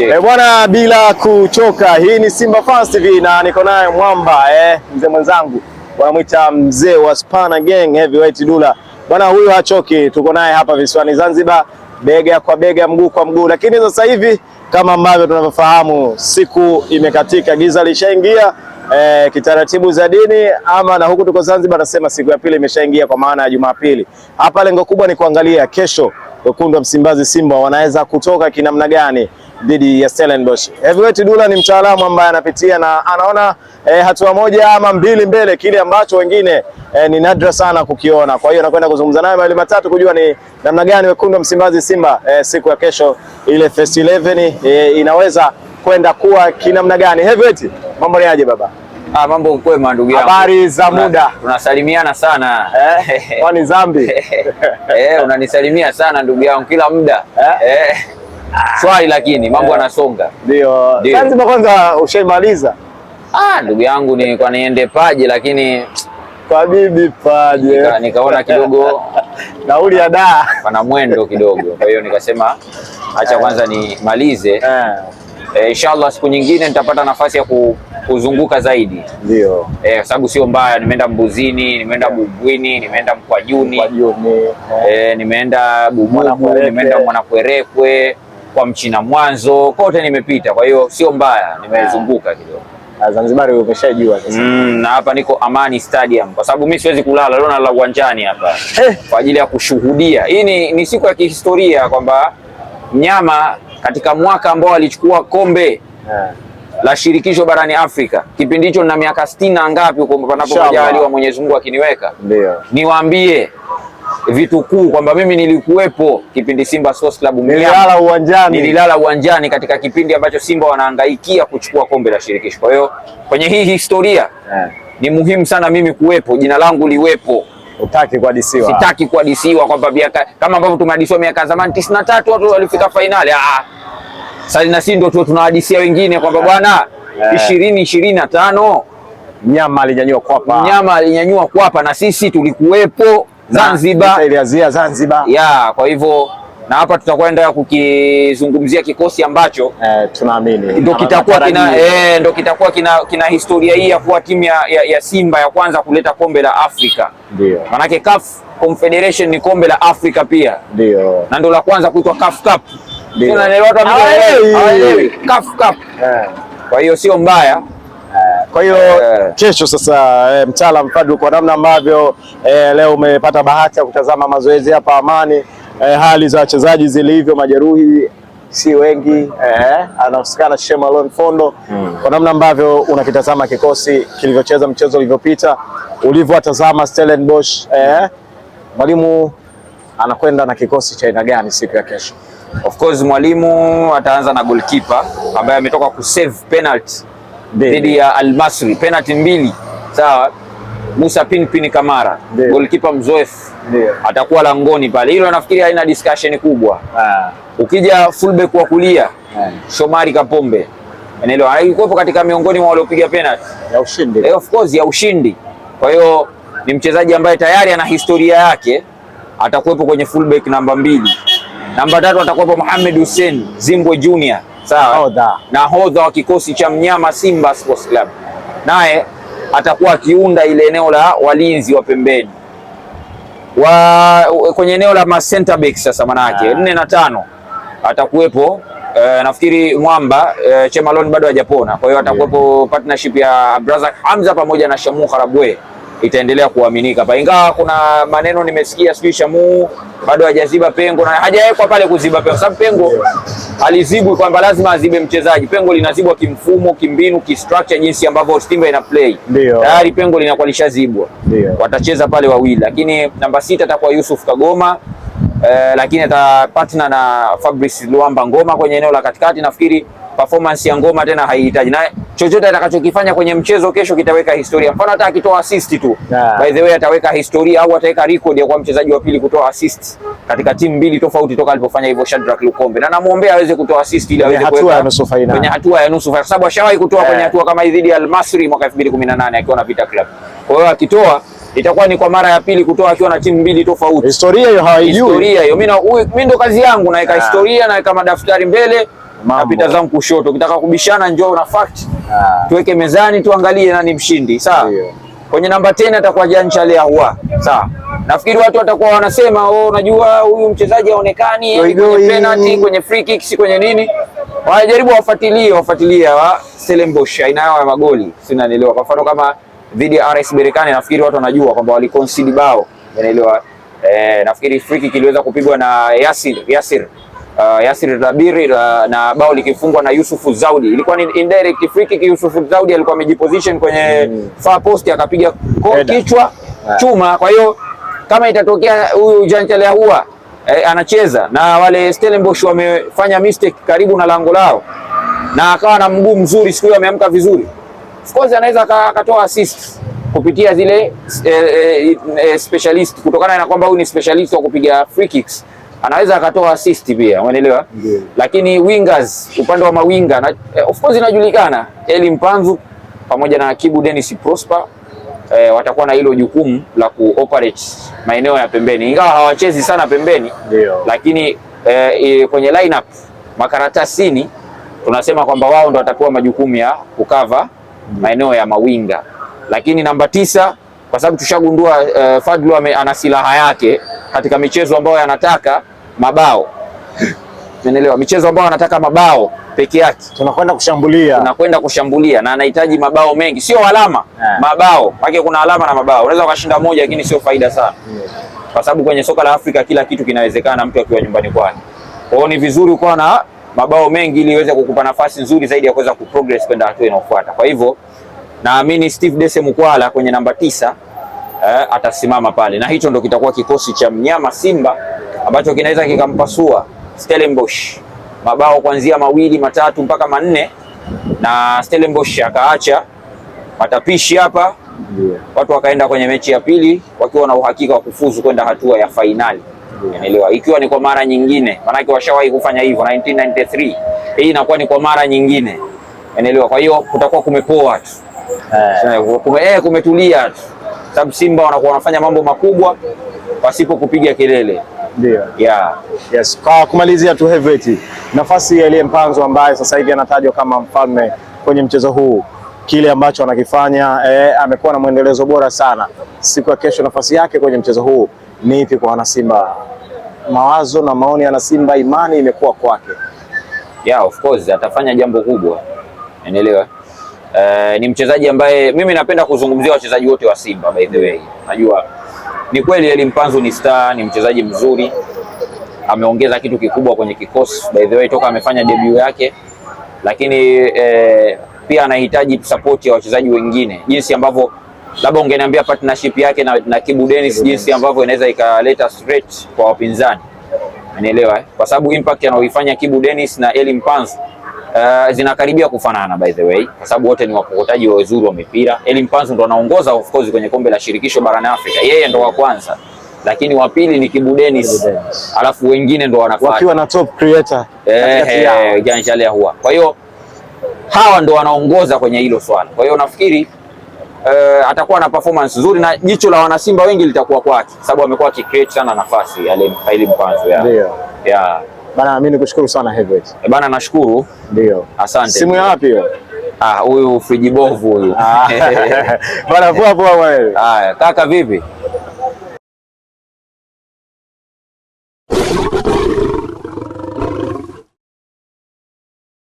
E bwana, bila kuchoka, hii ni Simba Fans TV na niko naye mwamba eh, mzee mwenzangu wanamwita mzee wa Spana Gang Heavyweight Dula. Bwana huyu hachoki, tuko naye hapa visiwani Zanzibar, bega kwa bega, mguu kwa mguu. Lakini sasa hivi kama ambavyo tunavyofahamu, siku imekatika, giza lishaingia eh, kitaratibu za dini ama, na huku tuko Zanzibar nasema siku ya pili imeshaingia, kwa maana ya Jumapili. Hapa lengo kubwa ni kuangalia kesho wekundu wa Msimbazi Simba wanaweza kutoka kinamna gani dhidi ya Stellenbosch. Heavyweight Dula ni mtaalamu ambaye anapitia na anaona eh, hatua moja ama mbili mbele, kile ambacho wengine eh, ni nadra sana kukiona. Kwa hiyo anakwenda kuzungumza naye mawili matatu kujua ni namna gani wekundu wa Msimbazi Simba eh, siku ya kesho ile first 11 eh, inaweza kwenda kuwa kinamna gani. Heavyweight, mambo ni aje baba? Ah, mambo mkwema ndugu yangu. Habari za muda. Tunasalimiana sana. Eh? Kwani zambi? Eh, unanisalimia sana ndugu yangu kila muda. Eh? eh? Swali lakini mambo eh. yanasonga. Ndio. Zanzibar kwanza ushaimaliza? Ah, ndugu yangu ni kwa niende paje lakini kwa bibi paje. Nika, nikaona kidogo nauli ya da. pana mwendo kidogo. Kwa hiyo nikasema acha eh. kwanza nimalize e, inshallah siku nyingine nitapata nafasi ya kuzunguka zaidi, ndio e, kwa sababu sio mbaya. Nimeenda Mbuzini, nimeenda Bugwini, nimeenda Mkwajuni, eh, nimeenda Bububu, nimeenda Mwanakwerekwe, kwa Mchina Mwanzo, kote nimepita. Kwa hiyo sio mbaya, nimezunguka ah. kidogo. Ah, Zanzibar umeshajua sasa. Mm, na hapa niko Amani Stadium kwa sababu mimi siwezi kulala, leo nalala uwanjani hapa eh, kwa ajili ya kushuhudia. Hii ni siku ya kihistoria kwamba mnyama katika mwaka ambao alichukua kombe yeah la shirikisho barani Afrika kipindi hicho na miaka sitini na ngapi huko, panapo majaliwa Mwenyezi Mungu akiniweka, niwaambie vitu kuu kwamba mimi nilikuwepo kipindi Simba Sports Club nililala uwanjani, nililala uwanjani katika kipindi ambacho Simba wanahangaikia kuchukua kombe la shirikisho. Kwa hiyo kwenye hii historia yeah, ni muhimu sana mimi kuwepo, jina langu liwepo. Utaki kuhadisiwa. Sitaki kuhadisiwa kwamba miaka kama ambavyo tumehadisiwa miaka zamani 93 watu walifika fainali. Ah, ah. Sasa na sisi ndio tu tunahadisia wengine kwamba eh. bwana eh. ishirini ishirini na tano mnyama alinyanyua kwapa. Mnyama alinyanyua kwapa na sisi tulikuwepo Zanzibar. Ile Zanzibar. Ya, kwa hivyo na hapa tutakwenda kukizungumzia kikosi ambacho eh, tunaamini ndo kitakuwa kina, eh, ndo kitakuwa kina, kina historia hii ya kuwa timu ya, ya, ya Simba ya kwanza kuleta kombe la Afrika. Ndio. Manake CAF Confederation ni kombe la Afrika pia. Ndio. Na ndo la kwanza kuitwa CAF Cup. Ndio. CAF Cup. Eh. Kwa hiyo sio mbaya. Eh. Kwa hiyo yeah. Kesho sasa e, eh, mtaalam Fadlu, kwa namna ambavyo e, leo umepata bahati ya kutazama mazoezi hapa Amani eh, hali za wachezaji zilivyo, majeruhi si wengi eh, anahusikana Shema Fondo mm. Kwa namna ambavyo unakitazama kikosi kilivyocheza mchezo ulivyopita, ulivyowatazama Stellenbosch eh, mwalimu anakwenda na kikosi cha aina gani siku ya kesho? Of course mwalimu ataanza na goalkeeper ambaye ametoka kusave penalty dhidi ya Al Masry, penalty mbili sawa Musa Pinpin Kamara, golikipa mzoefu, atakuwa langoni pale. Hilo nafikiri haina discussion kubwa. Ah. Ukija fullback wa kulia ah. Shomari Kapombe, Enelo, alikuwepo ah, katika miongoni mwa waliopiga penalty ya ushindi, eh, of course ya ushindi. Kwa hiyo ni mchezaji ambaye tayari ana historia yake, atakuwepo kwenye fullback namba mbili. Namba tatu atakuwepo Mohamed Hussein Zimbwe Junior, sawa, nahodha wa kikosi cha mnyama Simba Sports Club, naye atakuwa akiunda ile eneo la walinzi wa pembeni wa kwenye eneo la center back. Sasa manake ah. nne na tano atakuwepo Uh, nafikiri Mwamba uh, Chemalon bado hajapona, kwa hiyo atakuwepo partnership ya Abdrazak Hamza pamoja na Shamu Karabwe itaendelea kuaminika pa, ingawa kuna maneno nimesikia, sijui Shamu bado hajaziba pengo na hajawekwa pale kuziba pengo, sababu pengo alizibwi kwamba lazima azibe mchezaji, pengo linazibwa kimfumo, kimbinu, kistructure, jinsi ambavyo Simba ina play tayari pengo linakuwa lishazibwa, watacheza pale wawili, lakini namba sita atakuwa Yusuf Kagoma. Uh, lakini atapartner na Fabrice Luamba Ngoma kwenye eneo la katikati. Nafikiri performance ya Ngoma tena haihitaji naye chochote atakachokifanya kwenye mchezo kesho kitaweka historia. Mfano hata akitoa assist tu, yeah. by the way, ataweka historia au ataweka record ya kuwa mchezaji wa pili kutoa assist katika timu mbili tofauti toka alipofanya hivyo Shadrack Lukombe, na namuombea aweze kutoa assist ili aweze kuweka kwenye hatua ya nusu fainali, sababu ashawahi kutoa yeah. kwenye hatua kama hii dhidi ya Al Masry mwaka 2018 akiwa na Vita Club. Kwa hiyo akitoa itakuwa ni kwa mara ya pili kutoa akiwa na timu mbili tofauti. Historia hiyo haijui. Historia hiyo mimi ndo kazi yangu, naweka yeah. historia, naweka madaftari mbele, Mambo. na pita zangu kushoto, ukitaka kubishana njoo na fact Ah. tuweke mezani, tuangalie nani mshindi, sawa. Kwenye namba tena atakuwa Jancha Hua, sawa. Nafikiri watu watakuwa wanasema oh, unajua huyu mchezaji haonekani kwenye penalty, kwenye free kicks, kwenye nini. Wajaribu wafuatilie, wafuatilie wa Stellenbosch aina yao ya magoli, sinanielewa. Kwa mfano kama dhidi ya RS Berkane, nafikiri watu wanajua kwamba waliconcede bao, unaelewa. Eh, nafikiri free kick iliweza kupigwa na Yasir Yasir uh, Yasir Dabiri la, uh, na bao likifungwa na Yusufu Zaudi. Ilikuwa ni indirect free kick. Yusufu Zaudi alikuwa amejiposition kwenye mm. far post akapiga kichwa yeah. chuma. Kwa hiyo kama itatokea huyu Janchale huwa eh, anacheza na wale Stellenbosch wamefanya mistake karibu na lango lao na akawa na mguu mzuri siku hiyo, ameamka vizuri. Of course anaweza akatoa assist kupitia zile eh, eh, eh, specialist kutokana na kwamba huyu ni specialist wa kupiga free kicks anaweza akatoa assist pia, umeelewa? Yeah. Lakini wingers upande wa mawinga na, eh, of course inajulikana Eli Mpanzu pamoja na Kibu Dennis Prosper eh, watakuwa na hilo jukumu la kuoperate maeneo ya pembeni, ingawa hawachezi sana pembeni yeah. Lakini eh, kwenye lineup makaratasini tunasema kwamba wao ndo watapewa majukumu ya kukava maeneo ya mawinga, lakini namba tisa kwa sababu tushagundua uh, Fadlu ana silaha yake katika michezo ambayo anataka mabao Unaelewa, michezo ambayo anataka mabao peke yake, tunakwenda kushambulia, tunakwenda kushambulia na anahitaji mabao mengi, sio alama yeah. Mabao maana kuna alama na mabao, unaweza ukashinda moja, lakini sio faida sana yeah. Kwa sababu kwenye soka la Afrika kila kitu kinawezekana, mtu akiwa nyumbani kwake. Kwa hiyo ni vizuri ukawa na mabao mengi, ili iweze kukupa nafasi nzuri zaidi ya kuweza kuprogress kwenda hatua inayofuata. Kwa hivyo naamini Steve Dese Mukwala kwenye namba tisa eh, atasimama pale na hicho ndo kitakuwa kikosi cha mnyama Simba ambacho kinaweza kikampasua Stellenbosch mabao kuanzia mawili matatu mpaka manne, na Stellenbosch akaacha matapishi hapa, watu wakaenda kwenye mechi ya pili wakiwa na uhakika wa kufuzu kwenda hatua ya fainali. Unaelewa, ikiwa ni kwa mara nyingine, maanake washawahi kufanya hivyo 1993. Hii inakuwa ni kwa mara nyingine, unaelewa. Kwa hiyo kutakuwa kumepoa tu eh, kume, eh, kumetulia tu, sababu Simba wanakuwa wanafanya mambo makubwa pasipo kupiga kelele. Yeah. Yes. Kwa kumalizia tu Heavyweight, nafasi ya Elie Mpanzu ambaye sasa hivi anatajwa kama mfalme kwenye mchezo huu, kile ambacho anakifanya eh, amekuwa na mwendelezo bora sana. Siku ya kesho nafasi yake kwenye mchezo huu ni ipi kwa wanasimba? Mawazo na maoni ya wanasimba, imani imekuwa kwake. Yeah, of course atafanya jambo kubwa, unaelewa. Uh, ni mchezaji ambaye mimi napenda kuzungumzia wachezaji wote wa Simba by the way, najua ni kweli Eli Mpanzu ni star, ni mchezaji mzuri, ameongeza kitu kikubwa kwenye kikosi by the way toka amefanya debut yake, lakini eh, pia anahitaji support ya wachezaji wengine, jinsi ambavyo labda ungeniambia partnership yake na, na Kibu Dennis, jinsi ambavyo inaweza ikaleta straight kwa wapinzani, unaelewa eh? Kwa sababu impact anaoifanya Kibu Dennis na Eli Mpanzu Uh, zinakaribia kufanana by the way, kwa sababu wote ni wakokotaji wa uzuri wa mipira. Eli Mpanzu ndo anaongoza of course kwenye kombe la shirikisho barani Afrika, yeye ndo wa kwanza, lakini wa pili ni Kibu Dennis, alafu wengine ndo wanafuata wakiwa na top creator eh, Janjale huwa. Kwa hiyo hawa ndo wanaongoza kwenye hilo swala, kwa hiyo nafikiri Uh, atakuwa na performance nzuri na jicho la wanasimba wengi litakuwa kwake, sababu amekuwa akicreate sana nafasi ya Eli Mpanzu ya. Yeah. Bana, mimi nikushukuru sana Heavyweight. Eh, bana, nashukuru. Ndio. Asante. Simu ya wapi hiyo? Ah, huyu friji bovu huyu. Ah. Bana, poa poa wewe. Haya, kaka vipi?